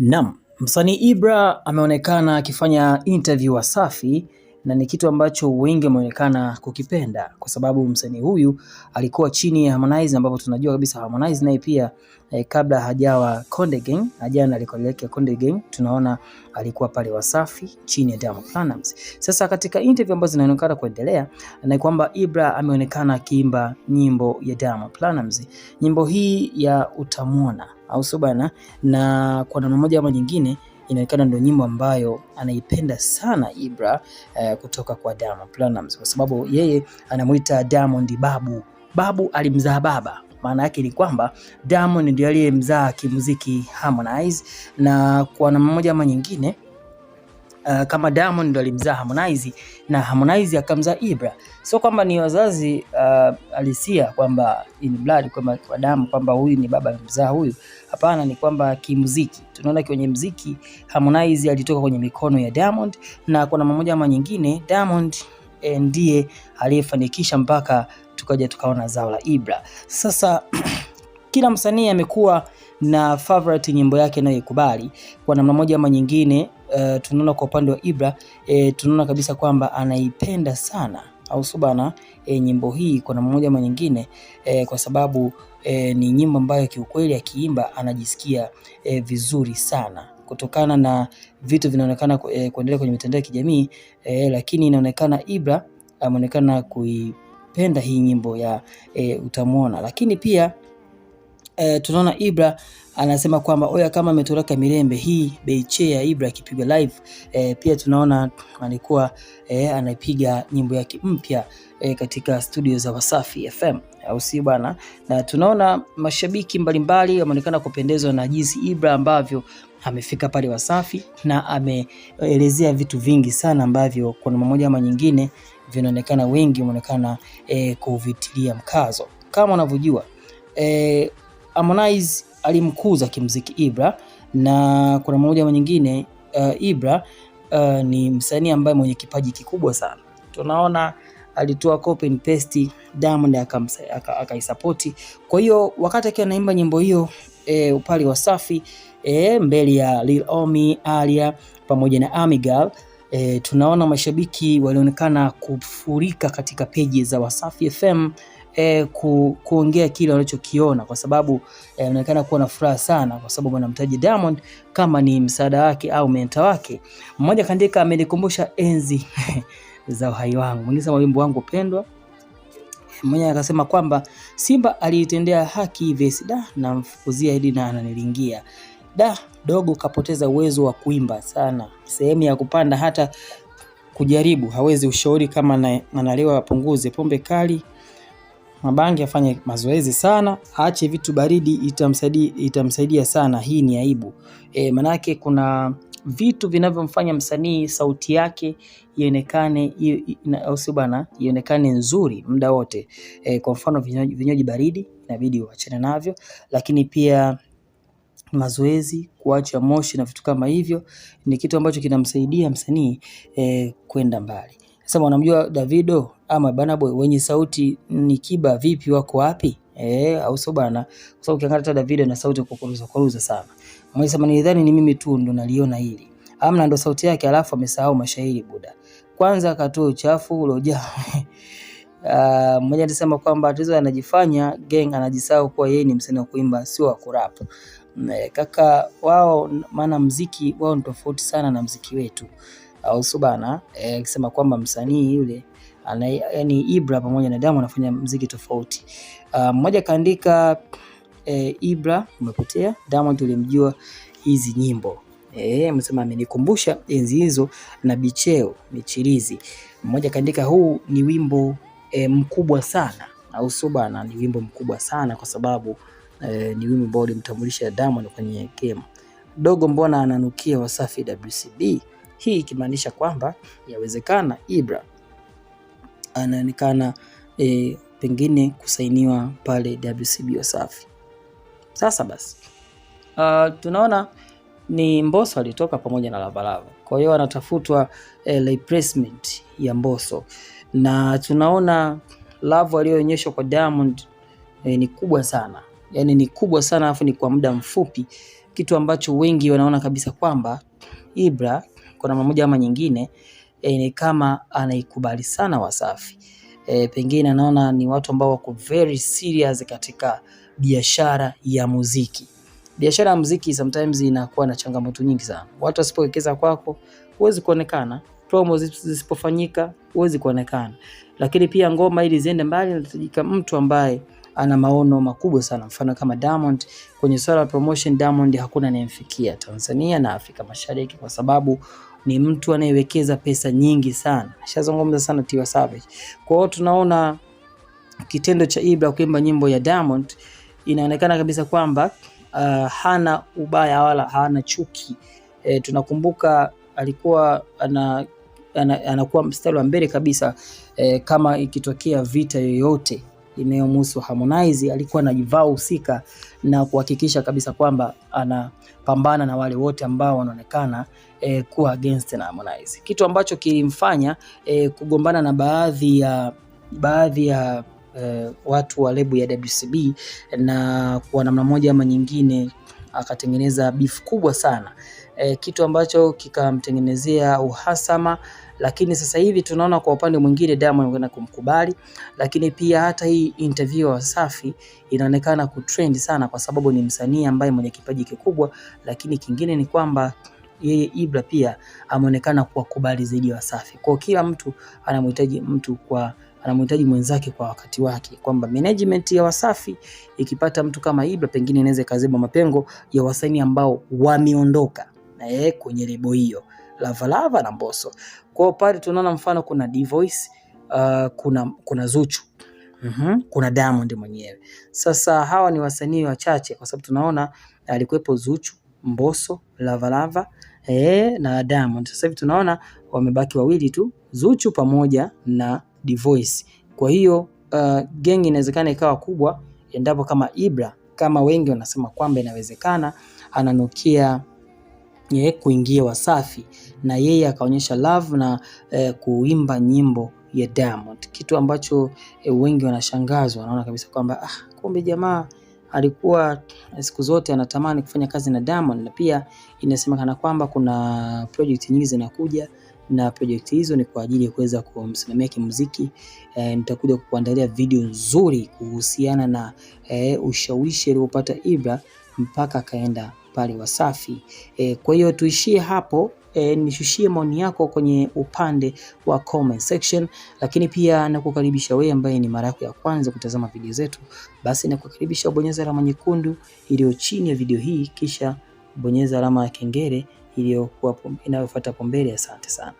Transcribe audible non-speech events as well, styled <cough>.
Naam, msanii Ibra ameonekana akifanya interview Wasafi na ni kitu ambacho wengi wameonekana kukipenda kwa sababu msanii huyu alikuwa chini ya Harmonize, ambapo tunajua kabisa Harmonize naye pia eh, kabla hajawa Konde Gang, ajana alikoelekea Konde Gang, tunaona alikuwa pale Wasafi chini ya Diamond Platnumz. Sasa katika interview ambazo zinaonekana kuendelea na kwamba Ibra ameonekana akiimba nyimbo ya Diamond Platnumz, nyimbo hii ya utamwona, au sio bana, na kwa namna moja ama nyingine inaonekana ndio nyimbo ambayo anaipenda sana Ibra eh, kutoka kwa Diamond Platnumz kwa sababu yeye anamuita Diamond babu. Babu alimzaa baba maana yake ni kwamba Diamond ndiye aliyemzaa kimuziki Harmonize, na kwa namna moja ama nyingine uh, kama Diamond ndo alimzaa Harmonize na Harmonize akamzaa Ibra, sio kwamba ni wazazi uh, eh, alisia kwamba in blood, kwamba kwa damu, kwamba huyu ni baba mzaa huyu. Hapana, ni kwamba kimuziki tunaona kwenye mziki Harmonize alitoka kwenye mikono ya Diamond, na kwa namna moja ama nyingine Diamond eh, ndiye aliyefanikisha mpaka tukaja tukaona zao la Ibra. Sasa <clears throat> kila msanii amekuwa na favorite nyimbo yake anayoikubali kwa namna moja ama nyingine. Eh, tunaona kwa upande wa Ibra e, tunaona kabisa kwamba anaipenda sana au subana e, eh, nyimbo hii kwa namna moja ama nyingine e, kwa sababu e, ni nyimbo ambayo kiukweli akiimba anajisikia e, vizuri sana kutokana na vitu vinaonekana kuendelea kwenye mitandao ya kijamii e, lakini inaonekana Ibra ameonekana kuipenda hii nyimbo ya e, utamwona, lakini pia e, tunaona Ibra anasema kwamba oya, kama ametoroka Mirembe hii Beichea Ibra akipigwa live e, pia tunaona alikuwa e, anapiga nyimbo yake mpya e, katika studio za Wasafi FM au si bwana? Na tunaona mashabiki mbalimbali wameonekana kupendezwa na jinsi Ibra ambavyo amefika pale Wasafi na ameelezea vitu vingi sana ambavyo kwa namna moja ama nyingine vinaonekana wengi wameonekana e, kuvitilia mkazo. Kama unavyojua e, Harmonize alimkuza kimziki Ibra, na kuna mmoja ama nyingine uh, Ibra uh, ni msanii ambaye mwenye kipaji kikubwa sana. Tunaona alitoa copy and paste Diamond akaisapoti aka, kwa hiyo wakati akiwa anaimba nyimbo hiyo e, upali wa safi e, mbele ya Lil Omi, Alia pamoja na Amigal e, eh, tunaona mashabiki walionekana kufurika katika peji za Wasafi FM e, ku, kuongea kile wanachokiona kwa sababu eh, inaonekana e, kuwa na furaha sana, kwa sababu wanamtaji Diamond kama ni msaada wake au menta wake. Mmoja kaandika amenikumbusha enzi <laughs> za uhai wangu, mwingine sema wimbo wangu pendwa mmoja akasema kwamba Simba alitendea haki Vesi da namfukuzia hadi na ananilingia da dogo kapoteza uwezo wa kuimba sana sehemu ya kupanda hata kujaribu hawezi ushauri kama analewa apunguze pombe kali Mabangi afanye mazoezi sana, aache vitu baridi, itamsaidia itamsaidia sana. Hii ni aibu e, manake kuna vitu vinavyomfanya msanii sauti yake ionekane au sio bana, ionekane nzuri muda wote e, kwa mfano vinywaji, baridi inabidi uachane navyo, lakini pia mazoezi, kuacha moshi na vitu kama hivyo ni kitu ambacho kinamsaidia msanii e, kwenda mbali. Sema unamjua Davido ama Burna Boy wenye sauti ni kiba vipi, wako wapi? Eh, au sio bana? Kwa sababu ukiangalia hata Davido na sauti kukuruza kuruza kuruza sana. Mmoja sema nilidhani ni mimi tu ndo naliona hili. Amna ndo sauti yake, alafu amesahau mashairi buda. Kwanza akatoa uchafu uloja. uliojaa Uh, <laughs> mmoja alisema kwamba Tizzo anajifanya gang, anajisahau kuwa yeye ni msanii wa kuimba, sio wa kurap. Eh, kaka wao, maana mziki wao ni tofauti sana na mziki wetu au subana eh, akisema e, kwamba msanii yule ana, yani Ibra pamoja na Diamond anafanya mziki tofauti. Ah, mmoja um, kaandika e, Ibra umepotea, Diamond tulimjua hizi nyimbo eh, msema amenikumbusha enzi hizo na bicheo michirizi. Mmoja kaandika huu ni wimbo e, mkubwa sana au sio bana? Ni wimbo mkubwa sana kwa sababu e, ni wimbo ambao ulimtambulisha Diamond kwenye game. Dogo mbona ananukia Wasafi WCB hii ikimaanisha kwamba yawezekana Ibra anaonekana e, pengine kusainiwa pale WCB Wasafi. Sasa basi uh, tunaona ni mboso alitoka pamoja na Lavalava, kwa hiyo anatafutwa e, replacement ya mboso na tunaona love aliyoonyeshwa kwa Diamond e, ni kubwa sana, yaani ni kubwa sana, alafu ni kwa muda mfupi, kitu ambacho wengi wanaona kabisa kwamba Ibra kwa namna moja ama nyingine e, ni kama anaikubali sana Wasafi e, pengine anaona ni watu ambao wako very serious katika biashara ya muziki. Biashara ya muziki sometimes inakuwa na changamoto nyingi sana. Watu wasipowekeza kwako huwezi kuonekana, promo zisipofanyika huwezi kuonekana, lakini pia ngoma ili ziende mbali inahitajika mtu ambaye ana maono makubwa sana. Mfano kama Diamond kwenye swala la promotion, Diamond hakuna anayemfikia Tanzania na Afrika Mashariki kwa sababu ni mtu anayewekeza pesa nyingi sana. ashazungumza sana Tiwa Savage. Kwa hiyo tunaona kitendo cha Ibra kuimba nyimbo ya Diamond inaonekana kabisa kwamba uh, hana ubaya wala hana chuki. E, tunakumbuka alikuwa ana, ana, anakuwa mstari wa mbele kabisa e, kama ikitokea vita yoyote inayomhusu Harmonize alikuwa anajivaa husika na kuhakikisha kabisa kwamba anapambana na wale wote ambao wanaonekana e, kuwa against na Harmonize, kitu ambacho kilimfanya e, kugombana na baadhi ya baadhi ya e, watu wa lebu ya WCB na kwa namna moja ama nyingine akatengeneza beef kubwa sana e, kitu ambacho kikamtengenezea uhasama, lakini sasa hivi tunaona kwa upande mwingine Diamond anakwenda kumkubali, lakini pia hata hii interview ya Wasafi inaonekana kutrend sana, kwa sababu ni msanii ambaye mwenye kipaji kikubwa, lakini kingine ni kwamba yeye Ibra pia ameonekana kuwakubali zaidi Wasafi. Kwa kila mtu anamhitaji mtu kwa anamhitaji mwenzake kwa wakati wake, kwamba management ya Wasafi ikipata mtu kama Ibra, pengine inaweza ikaziba mapengo ya wasanii ambao wameondoka na yeye kwenye lebo hiyo Lavalava na Mbosso. Kwa pale tunaona mfano kuna d uh, kuna, kuna Zuchu mm -hmm. kuna Diamond mwenyewe. Sasa hawa ni wasanii wachache kwa sababu tunaona alikuwepo Zuchu, Mbosso, Lavalava eh, na Diamond. Sasa hivi tunaona wamebaki wawili tu, Zuchu pamoja na d Kwa hiyo uh, gengi inawezekana ikawa kubwa endapo kama Ibra kama wengi wanasema kwamba inawezekana ananukia ye kuingia Wasafi na yeye akaonyesha love na eh, kuimba nyimbo ya Diamond, kitu ambacho eh, wengi wanashangazwa, wanaona kabisa kwamba ah, kumbe jamaa alikuwa eh, siku zote anatamani kufanya kazi na Diamond, na pia inasemekana kwamba kuna project nyingi zinakuja na project hizo ni kwa ajili ya kuweza kumsimamia kimuziki. E, nitakuja kukuandalia video nzuri kuhusiana na e, ushawishi aliopata Ibra mpaka akaenda pale Wasafi. E, kwa hiyo tuishie hapo. E, eh, nishushie maoni yako kwenye upande wa comment section, lakini pia nakukaribisha wewe ambaye ni mara yako ya kwanza kutazama video zetu, basi nakukaribisha ubonyeza alama nyekundu iliyo chini ya video hii, kisha bonyeza alama ya kengele iliyokuwa inayofuata hapo mbele. Asante sana.